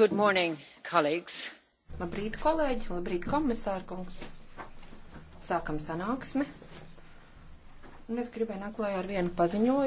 Good morning, colleagues. Labrīt, kolēģi, labrīt, komisārkungs. Sākam sanāksmi. Un es gribēju nākt klājā ar vienu paziņojumu.